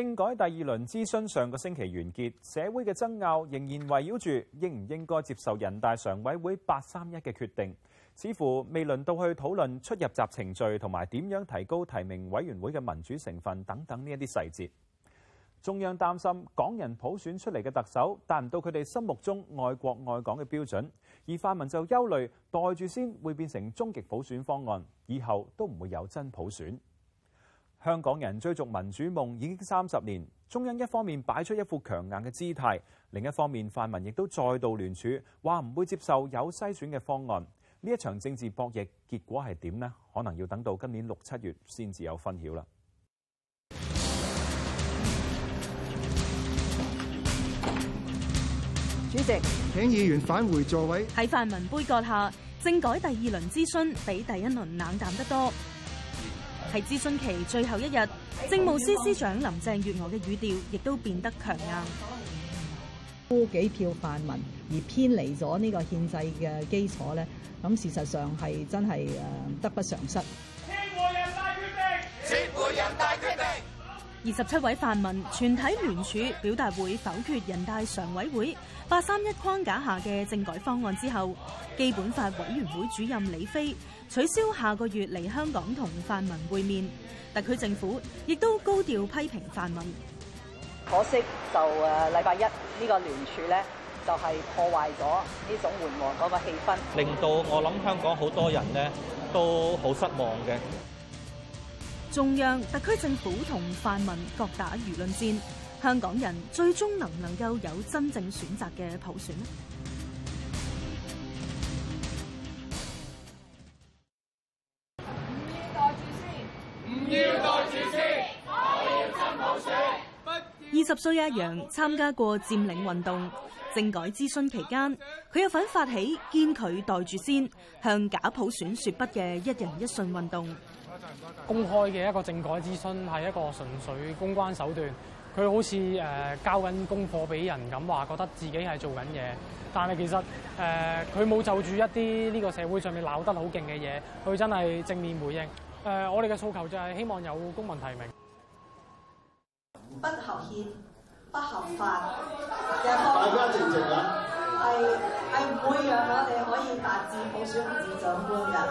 政改第二輪諮詢上個星期完結，社會嘅爭拗仍然圍繞住應唔應該接受人大常委會八三一嘅決定，似乎未輪到去討論出入閘程序同埋點樣提高提名委員會嘅民主成分等等呢一啲細節。中央擔心港人普選出嚟嘅特首達唔到佢哋心目中愛國愛港嘅標準，而泛民就憂慮袋住先會變成終極普選方案，以後都唔會有真普選。香港人追逐民主夢已經三十年，中央一方面擺出一副強硬嘅姿態，另一方面泛民亦都再度聯署，話唔會接受有篩選嘅方案。呢一場政治博弈結果係點呢？可能要等到今年六七月先至有分曉啦。主席，請議員返回座位。喺泛民杯葛下，政改第二輪諮詢比第一輪冷淡得多。係諮詢期最後一日，政務司司長林鄭月娥嘅語調亦都變得強硬。多幾票泛民而偏離咗呢個憲制嘅基礎咧，咁事實上係真係誒，得不償失。人大決定，二十七位泛民全體聯署表達會否決人大常委會八三一框架下嘅政改方案之後，基本法委員會主任李飛，取消下個月嚟香港同泛民會面，特區政府亦都高調批評泛民。可惜就誒禮拜一、這個、聯呢個聯署咧，就係、是、破壞咗呢種緩和嗰個氣氛，令到我諗香港好多人咧都好失望嘅。中央、特區政府同泛民各打輿論戰，香港人最終能唔能夠有真正選擇嘅普選呢？雖一樣參加過佔領運動，政改諮詢期間，佢有份發起堅拒袋住先，向假普選說不嘅一人一信運動。公開嘅一個政改諮詢係一個純粹公關手段他像，佢好似誒交緊功課俾人咁話，覺得自己係做緊嘢，但係其實誒佢冇就住一啲呢個社會上面鬧得好勁嘅嘢，佢真係正面回應。誒、呃，我哋嘅訴求就係希望有公民提名。不合憲、不合法，大家靜一靜啦。係係唔會讓我哋可以達至普選長官嘅。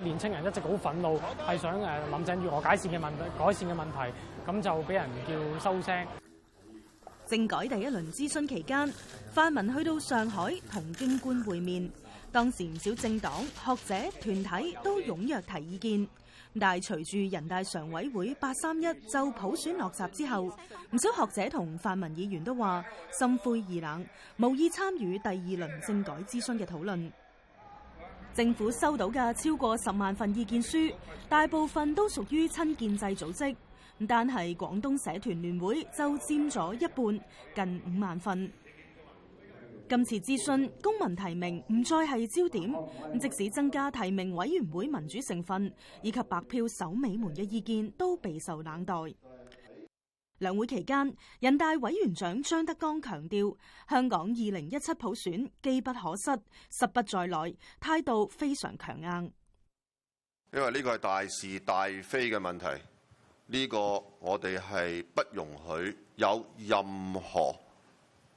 年青人一直好憤怒，係想誒林鄭如何改善嘅問題，改善嘅問題，咁就俾人叫收聲。政改第一輪諮詢期間，泛民去到上海同京官會面，當時唔少政黨、學者、團體都踴躍提意見。但隨住人大常委會八三一就普選落閘之後，唔少學者同泛民議員都話心灰意冷，無意參與第二輪政改諮詢嘅討論。政府收到嘅超過十萬份意見書，大部分都屬於親建制組織，但係廣東社團聯會就佔咗一半，近五萬份。今次諮詢公民提名唔再係焦點，即使增加提名委員會民主成分，以及白票守尾門嘅意見都備受冷待。兩會期間，人大委員長張德江強調，香港二零一七普選機不可失，失不再來，態度非常強硬。因為呢個係大是大非嘅問題，呢、呢個我哋係不容許有任何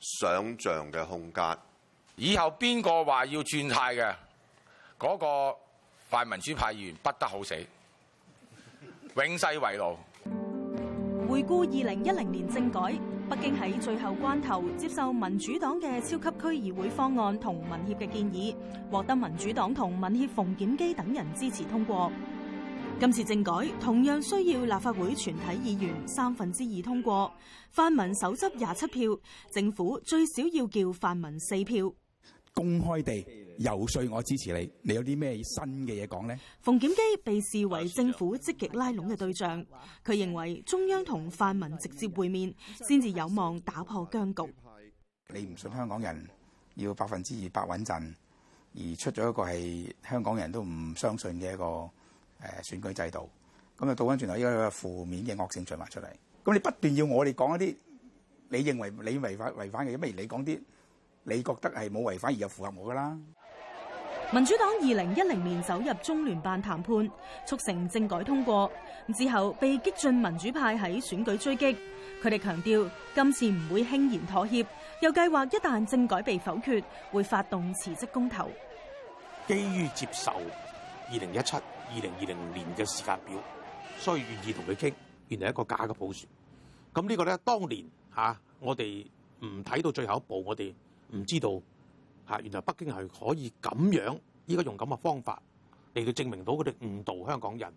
想像嘅空間。以後邊個話要轉軚嘅，嗰、那個泛民主派議員不得好死，永世為奴。回顧二零一零年政改，北京喺最後關頭接受民主黨嘅超級區議會方案同民協嘅建議，獲得民主黨同民協馮檢基等人支持通過。今次政改同樣需要立法會全體議員三分之二通過，泛民手執廿七票，政府最少要叫泛民四票。公開地遊説我支持你，你有啲咩新嘅嘢講呢？馮檢基被視為政府積極拉攏嘅對象，佢認為中央同泛民直接會面，先至有望打破僵局。你唔信香港人要百分之二百穩陣，而出咗一個係香港人都唔相信嘅一個。誒選舉制度，咁就倒翻轉頭，依個負面嘅惡性循環出嚟。咁你不斷要我哋講一啲你認為你違法違反嘅，不如你講啲你覺得係冇違反而又符合我㗎啦。民主黨二零一零年走入中聯辦談判，促成政改通過。咁之後被激進民主派喺選舉追擊，佢哋強調今次唔會輕言妥協，又計劃一旦政改被否決，會發動辭職公投。基於接受二零一七、二零二零年嘅時間表，所以願意同佢傾，原來一個假嘅普選。咁呢個咧，當年吓、啊、我哋唔睇到最後一步，我哋唔知道吓、啊、原來北京係可以咁樣，依家用咁嘅方法嚟到證明到佢哋誤導香港人。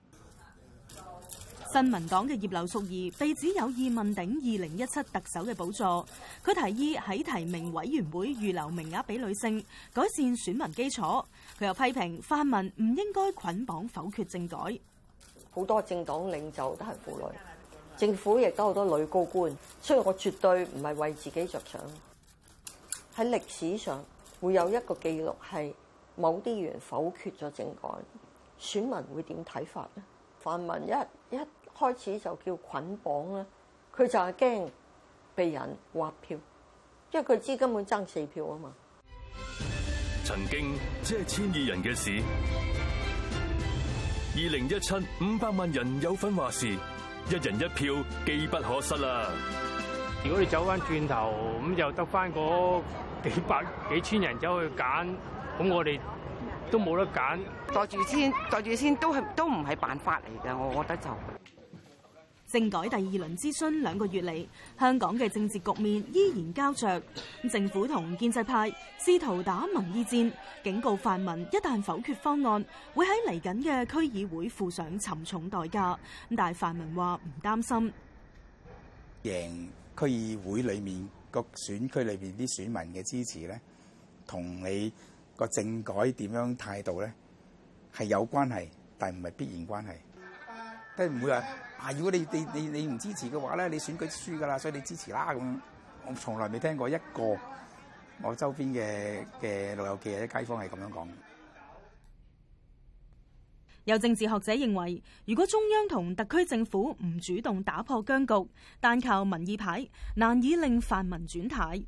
新民黨嘅葉劉淑儀被指有意問鼎二零一七特首嘅寶座，佢提議喺提名委員會預留名額俾女性，改善選民基礎。佢又批評泛民唔應該捆綁否決政改。好多政黨領袖都係婦女，政府亦都好多女高官，所以我絕對唔係為自己着想。喺歷史上會有一個記錄係某啲人否決咗政改，選民會點睇法呢？泛民一一，開始就叫捆綁啦，佢就係驚被人劃票，因為佢資金本爭四票啊嘛。曾經只係千二人嘅事，二零一七五百萬人有份話事，一人一票，機不可失啦。如果你走翻轉頭咁，又得翻個幾百幾千人走去揀，咁我哋都冇得揀。袋住先，袋住先，都係都唔係辦法嚟㗎，我覺得就。政改第二輪諮詢兩個月嚟，香港嘅政治局面依然膠着。政府同建制派試圖打民意戰，警告泛民一旦否決方案，會喺嚟緊嘅區議會付上沉重代價。但係泛民話唔擔心，贏區議會裏面個選區裏面啲選民嘅支持呢，同你個政改點樣態度呢？係有關係，但唔係必然關係。唔會話。嗱，如果你你你你唔支持嘅話咧，你選舉輸噶啦，所以你支持啦咁。我從來未聽過一個我周邊嘅嘅老友記或者街坊係咁樣講嘅。有政治學者認為，如果中央同特區政府唔主動打破僵局，但靠民意牌，難以令泛民轉軚。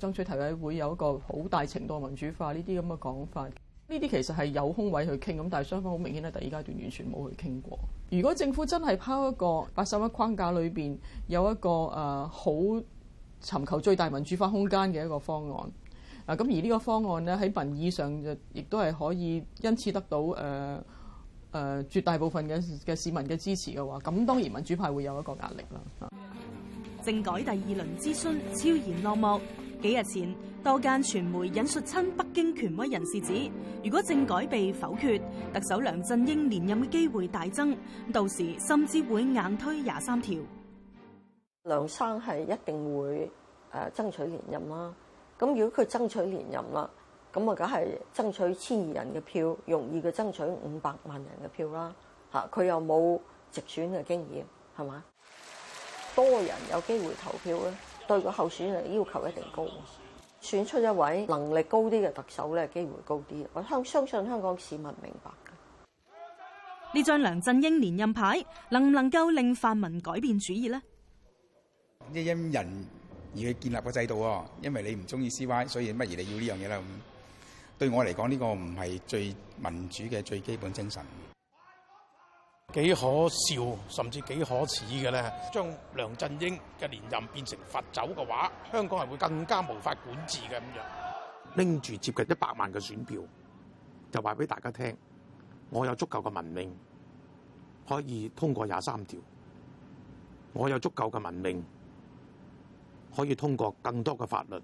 爭取提委會有一個好大程度的民主化，呢啲咁嘅講法。呢啲其實係有空位去傾，咁但係雙方好明顯喺第二階段完全冇去傾過。如果政府真係拋一個八三一框架裏邊有一個誒好尋求最大民主化空間嘅一個方案，啊咁而呢個方案呢，喺民意上就亦都係可以因此得到誒誒絕大部分嘅嘅市民嘅支持嘅話，咁當然民主派會有一個壓力啦。政改第二輪諮詢悄然落幕。幾日前，多間傳媒引述親北京權威人士指，如果政改被否決，特首梁振英連任嘅機會大增，到時甚至會硬推廿三條。梁生係一定會誒爭取連任啦。咁如果佢爭取連任啦，咁啊梗係爭取千二人嘅票，容易嘅爭取五百萬人嘅票啦。吓，佢又冇直選嘅經驗，係嘛？多人有機會投票啦。對個候選人要求一定高，選出一位能力高啲嘅特首咧，機會高啲。我相相信香港市民明白嘅。呢張梁振英連任牌能唔能夠令泛民改變主意呢？即因人而去建立個制度，啊，因為你唔中意 CY，所以乜嘢你要呢樣嘢啦。對我嚟講，呢、呢個唔係最民主嘅最基本精神。幾可笑，甚至幾可恥嘅咧！將梁振英嘅連任變成罰酒嘅話，香港係會更加無法管治嘅咁樣。拎住接近一百萬嘅選票，就話俾大家聽：我有足夠嘅文明，可以通過廿三條；我有足夠嘅文明，可以通過更多嘅法律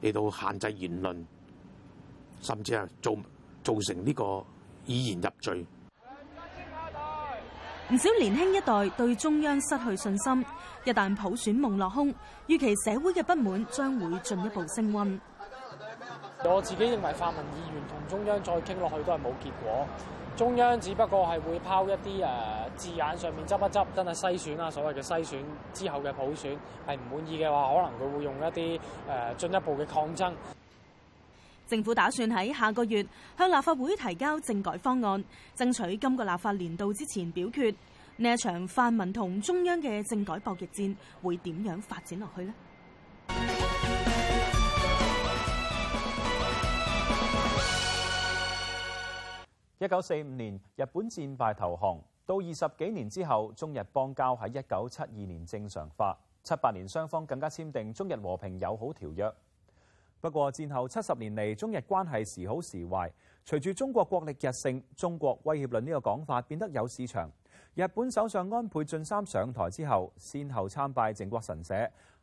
嚟到限制言論，甚至係做造成呢個以言入罪。唔少年輕一代對中央失去信心，一旦普選夢落空，預期社會嘅不滿將會進一步升溫。我自己認為泛民議員同中央再傾落去都係冇結果，中央只不過係會拋一啲、呃、字眼上面執一執，真係篩選啊，所謂嘅篩選之後嘅普選係唔滿意嘅話，可能佢會用一啲誒、呃、進一步嘅抗爭。政府打算喺下個月向立法會提交政改方案，爭取今個立法年度之前表決。呢一場泛民同中央嘅政改博弈戰會點樣發展落去呢？一九四五年日本戰敗投降，到二十幾年之後，中日邦交喺一九七二年正常化，七八年雙方更加簽訂《中日和平友好條約》。不過戰後七十年嚟，中日關係時好時壞。隨住中國國力日盛，中國威脅論呢個講法變得有市場。日本首相安倍晉三上台之後，先後參拜靖國神社，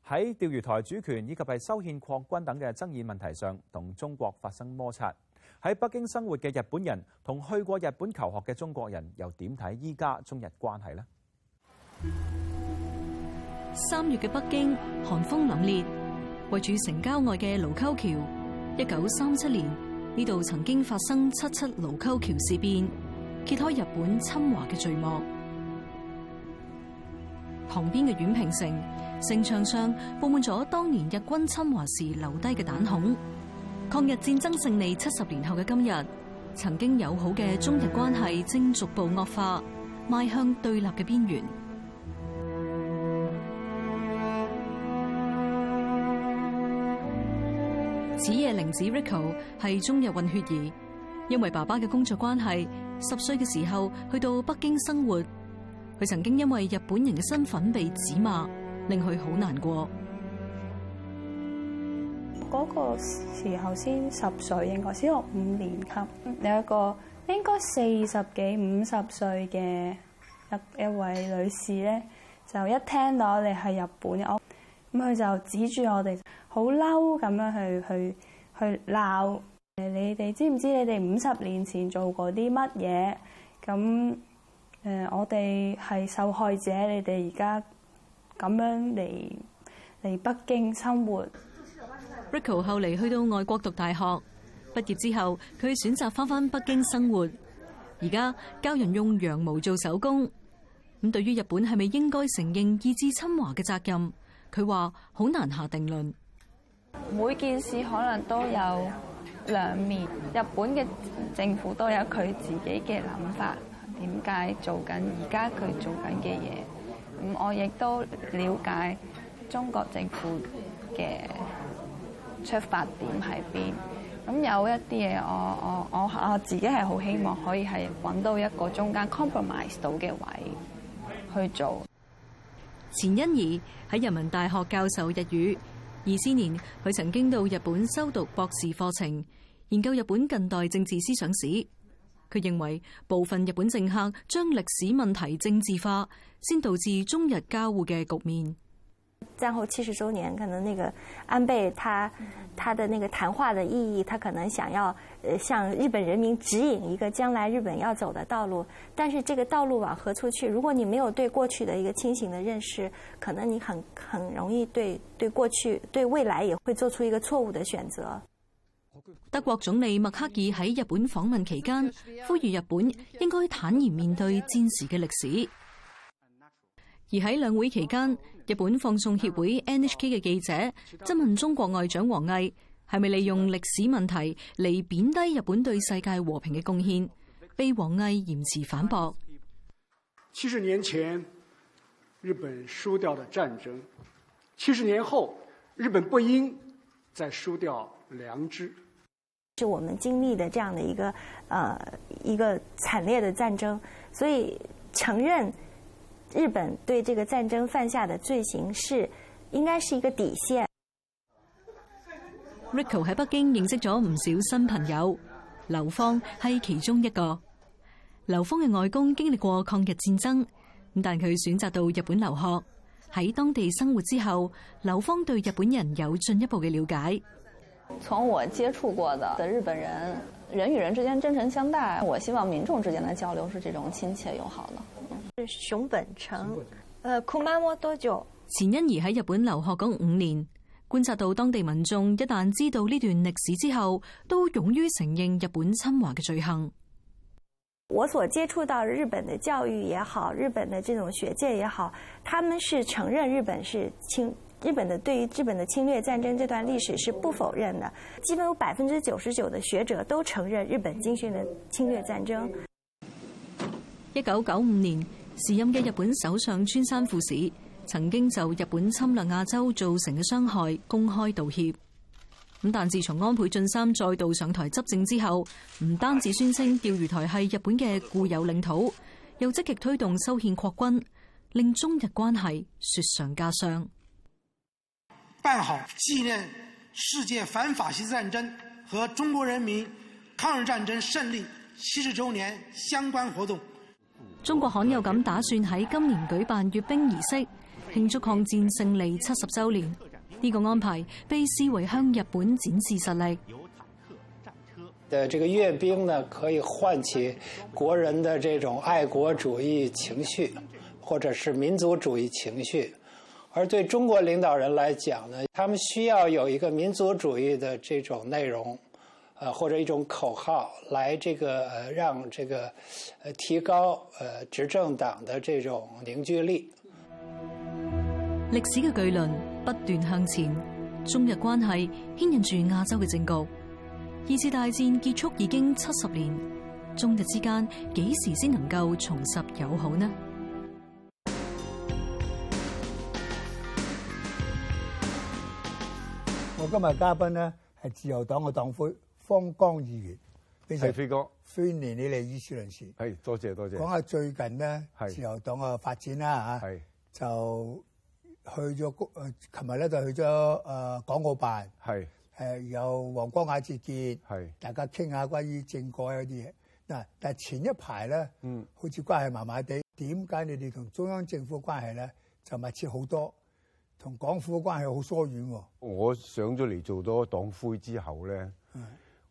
喺釣魚台主權以及係修憲擴軍等嘅爭議問題上，同中國發生摩擦。喺北京生活嘅日本人同去過日本求學嘅中國人，又點睇依家中日關係呢？三月嘅北京，寒風凜冽。位處城郊外嘅盧溝橋，一九三七年呢度曾經發生七七盧溝橋事變，揭開日本侵華嘅序幕。旁邊嘅宛平城，城牆上布滿咗當年日軍侵華時留低嘅彈孔。抗日戰爭勝利七十年後嘅今日，曾經友好嘅中日關係正逐步惡化，邁向對立嘅邊緣。名字 Rico 係中日混血兒，因為爸爸嘅工作關係，十歲嘅時候去到北京生活。佢曾經因為日本人嘅身份被指罵，令佢好難過。嗰個時候先十歲，應該小學五年級，有一個應該四十幾五十歲嘅一一位女士咧，就一聽到我哋係日本嘅，咁佢就指住我哋，好嬲咁樣去去。去鬧誒！你哋知唔知你哋五十年前做過啲乜嘢？咁誒，我哋係受害者，你哋而家咁樣嚟嚟北京生活。Rico 後嚟去到外國讀大學，畢業之後佢選擇返翻北京生活。而家教人用羊毛做手工。咁對於日本係咪應該承認二次侵華嘅責任？佢話好難下定論。每件事可能都有兩面，日本嘅政府都有佢自己嘅諗法，點解做緊而家佢做緊嘅嘢？咁我亦都了解中國政府嘅出發點喺邊。咁有一啲嘢，我我我我自己係好希望可以係揾到一個中間 compromise 到嘅位去做。錢欣怡喺人民大學教授日語。二千年，佢曾經到日本修讀博士課程，研究日本近代政治思想史。佢認為部分日本政客將歷史問題政治化，先導致中日交互嘅局面。戰後七十周年，可能那個安倍他他的那個談話的意義，他可能想要呃，向日本人民指引一個將來日本要走的道路，但是這個道路往何處去？如果你沒有對過去的一個清醒的認識，可能你很很容易對對過去對未來也會做出一個錯誤的選擇。德國總理默克爾喺日本訪問期間，呼籲日本應該坦然面對戰時嘅歷史。而喺兩會期間，日本放送協會 NHK 嘅記者質問中國外長王毅，係咪利用歷史問題嚟貶低日本對世界和平嘅貢獻？被王毅嚴詞反駁。七十年前日本輸掉了戰爭，七十年後日本不應再輸掉良知。就我們經歷的這樣的一個，呃，一個慘烈的戰爭，所以承認。日本對這個戰爭犯下的罪行是應該是一個底線。Rico 喺北京認識咗唔少新朋友，劉芳係其中一個。劉芳嘅外公經歷過抗日戰爭，但佢選擇到日本留學。喺當地生活之後，劉芳對日本人有進一步嘅了解。從我接觸過的日本人，人與人之間真誠相待。我希望民眾之間的交流是這種親切友好的。熊本城，本城呃哭媽我錢欣宜喺日本留學五年，觀察到當地民眾一旦知道呢段歷史之後，都勇於承認日本侵華嘅罪行。我所接觸到日本的教育也好，日本的這種學界也好，他們是承認日本是侵日本的，對於日本的侵略戰爭這段歷史是不否認的，基本有百分之九十九的學者都承認日本經訓的侵略戰爭。一九九五年。時任嘅日本首相村山富市曾經就日本侵略亞洲造成嘅傷害公開道歉。咁但自從安倍晉三再度上台執政之後，唔單止宣稱釣魚台係日本嘅固有領土，又積極推動修憲擴軍，令中日關係雪上加霜。辦好紀念世界反法西斯戰爭和中國人民抗日戰爭勝利七十周年相關活動。中國罕有咁打算喺今年舉辦閱兵儀式，慶祝抗戰勝利七十週年。呢個安排被視為向日本展示實力。有坦克戰車的這個閱兵呢，可以喚起國人的這種愛國主義情緒，或者是民族主義情緒。而對中國領導人來講呢，他們需要有一個民族主義的這種內容。啊，或者一種口號，來這個，讓這個，呃，提高，呃，執政黨的這種凝聚力。歷史嘅巨輪不斷向前，中日關係牽引住亞洲嘅政局。二次大戰結束已經七十年，中日之間幾時先能夠重拾友好呢？我今日嘉賓呢，係自由黨嘅黨魁。方剛議員，飛飛哥，歡迎你哋議事論事。係，多謝多謝。講下最近咧，自由黨嘅發展啦嚇，是就去咗，誒，琴日咧就去咗誒港澳辦，係是，誒，有王光亞接見，係，大家傾下關於政改嗰啲嘢。嗱，但係前一排咧，嗯，好似關係麻麻地，點解你哋同中央政府關係咧就密切好多，同港府嘅關係好疏遠喎？我上咗嚟做多黨魁之後咧。嗯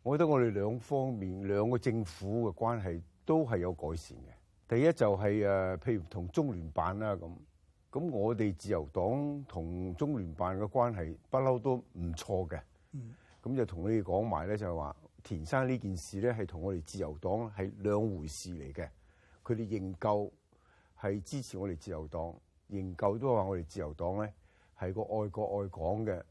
我覺得我哋兩方面兩個政府嘅關係都係有改善嘅。第一就係、是、誒，譬如同中聯辦啦咁。咁我哋自由黨同中聯辦嘅關係不嬲都唔錯嘅。咁、嗯、就同你哋講埋咧，就係、是、話田生呢件事咧，係同我哋自由黨係兩回事嚟嘅。佢哋仍舊係支持我哋自由黨，仍舊都話我哋自由黨咧係個愛國愛港嘅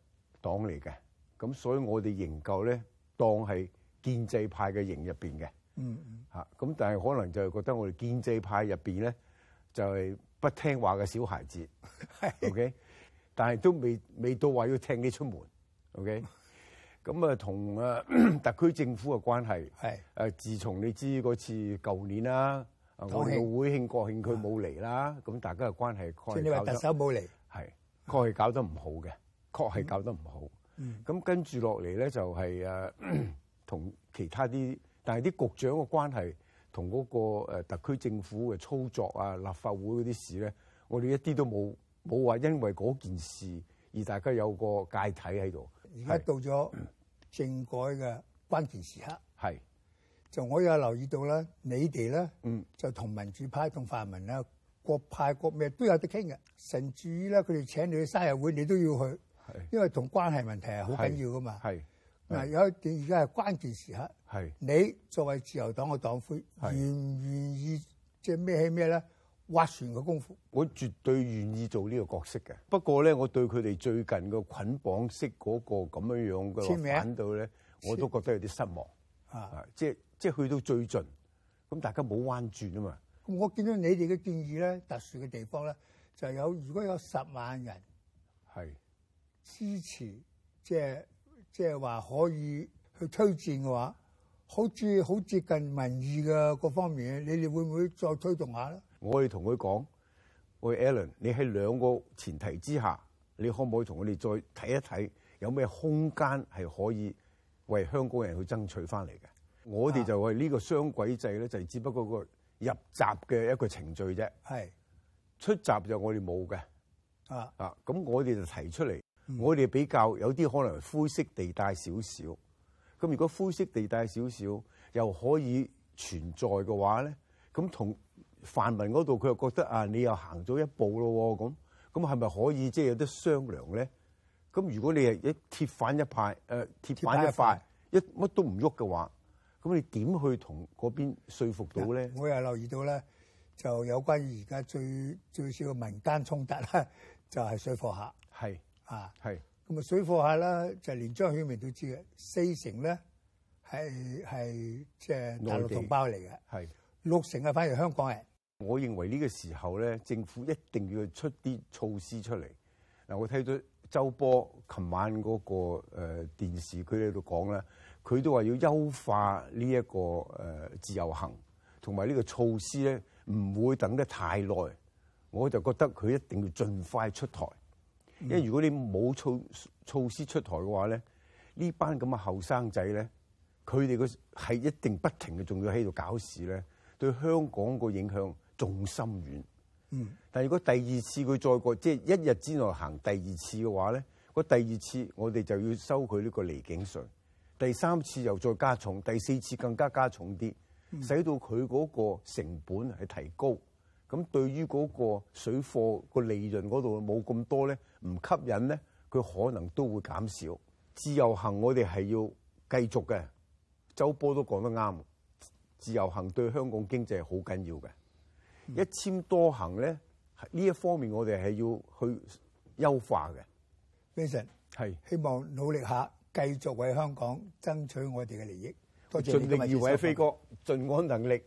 黨嚟嘅。咁所以我哋仍舊咧，當係建制派嘅營入邊嘅，嗯，嚇咁，但係可能就係覺得我哋建制派入邊咧，就係不聽話嘅小孩子，OK，但係都未未到話要聽你出門，OK，咁啊，同啊特區政府嘅關係係，誒，自從你知嗰次舊年啦，我哋會慶國慶佢冇嚟啦，咁大家嘅關係，即係你話特首冇嚟，係確係搞得唔好嘅，確係搞得唔好。咁、嗯、跟住落嚟咧，就係同其他啲，但係啲局長嘅關係同嗰個特區政府嘅操作啊、立法會嗰啲事咧，我哋一啲都冇冇話，因為嗰件事而大家有個芥蒂喺度。而家到咗政改嘅關鍵時刻，係是是就我有留意到啦，你哋咧就同民主派同、嗯、泛民咧，各派各咩都有得傾嘅，甚至於咧佢哋請你去生日會，你都要去。因為同關係問題係好緊要噶嘛，嗱，有一點而家係關鍵時刻，係，你作為自由黨嘅黨魁，願唔願意即係咩係咩咧？划船嘅功夫，我絕對願意做呢個角色嘅。不過咧，我對佢哋最近嘅捆綁式嗰個咁樣樣嘅簽名咧，我都覺得有啲失望啊！即係即係去到最盡，咁大家冇彎轉啊嘛。咁我見到你哋嘅建議咧，特殊嘅地方咧，就有如果有十萬人。支持即係即係話可以去推薦嘅話，好似好接近民意嘅各方面咧。你哋會唔會再推動下咧？我哋同佢講，喂 Alan 你喺兩個前提之下，你可唔可以同我哋再睇一睇有咩空間係可以為香港人去爭取翻嚟嘅？我哋就為呢個雙軌制咧，就係只不過個入閘嘅一個程序啫。係是出閘就我哋冇嘅啊啊！咁、啊、我哋就提出嚟。我哋比較有啲可能灰色地帶少少，咁如果灰色地帶少少又可以存在嘅話咧，咁同泛民嗰度佢又覺得啊，你又行咗一步咯喎，咁咁係咪可以即係、就是、有啲商量咧？咁如果你係一鐵板一派，誒、呃、鐵板一派一乜都唔喐嘅話，咁你點去同嗰邊說服到咧？我又留意到咧，就有關於而家最最少嘅民間衝突咧，就係、是、水貨客。啊，係是，咁啊水貨客啦，就連張曉明都知嘅，四成咧係係即係大陸同胞嚟嘅，係六成啊反而香港人。我認為呢個時候咧，政府一定要出啲措施出嚟。嗱，我睇到周波琴晚嗰個誒電視，佢喺度講咧，佢都話要優化呢一個誒自由行，同埋呢個措施咧唔會等得太耐。我就覺得佢一定要盡快出台。因為如果你冇措措施出台嘅話咧，呢班咁嘅後生仔咧，佢哋個係一定不停嘅，仲要喺度搞事咧，對香港個影響仲深遠。嗯，但如果第二次佢再過即係一日之內行第二次嘅話咧，個第二次我哋就要收佢呢個離境稅，第三次又再加重，第四次更加加重啲，使到佢嗰個成本係提高。咁對於嗰個水貨個利潤嗰度冇咁多咧。唔吸引咧，佢可能都會減少自由行。我哋係要繼續嘅。周波都講得啱，自由行對香港經濟係好緊要嘅。嗯、一簽多行咧呢這一方面，我哋係要去優化嘅。Vincent 係是希望努力下，繼續為香港爭取我哋嘅利益。多謝你嘅熱心支持。盡力而為，飛哥盡我能力。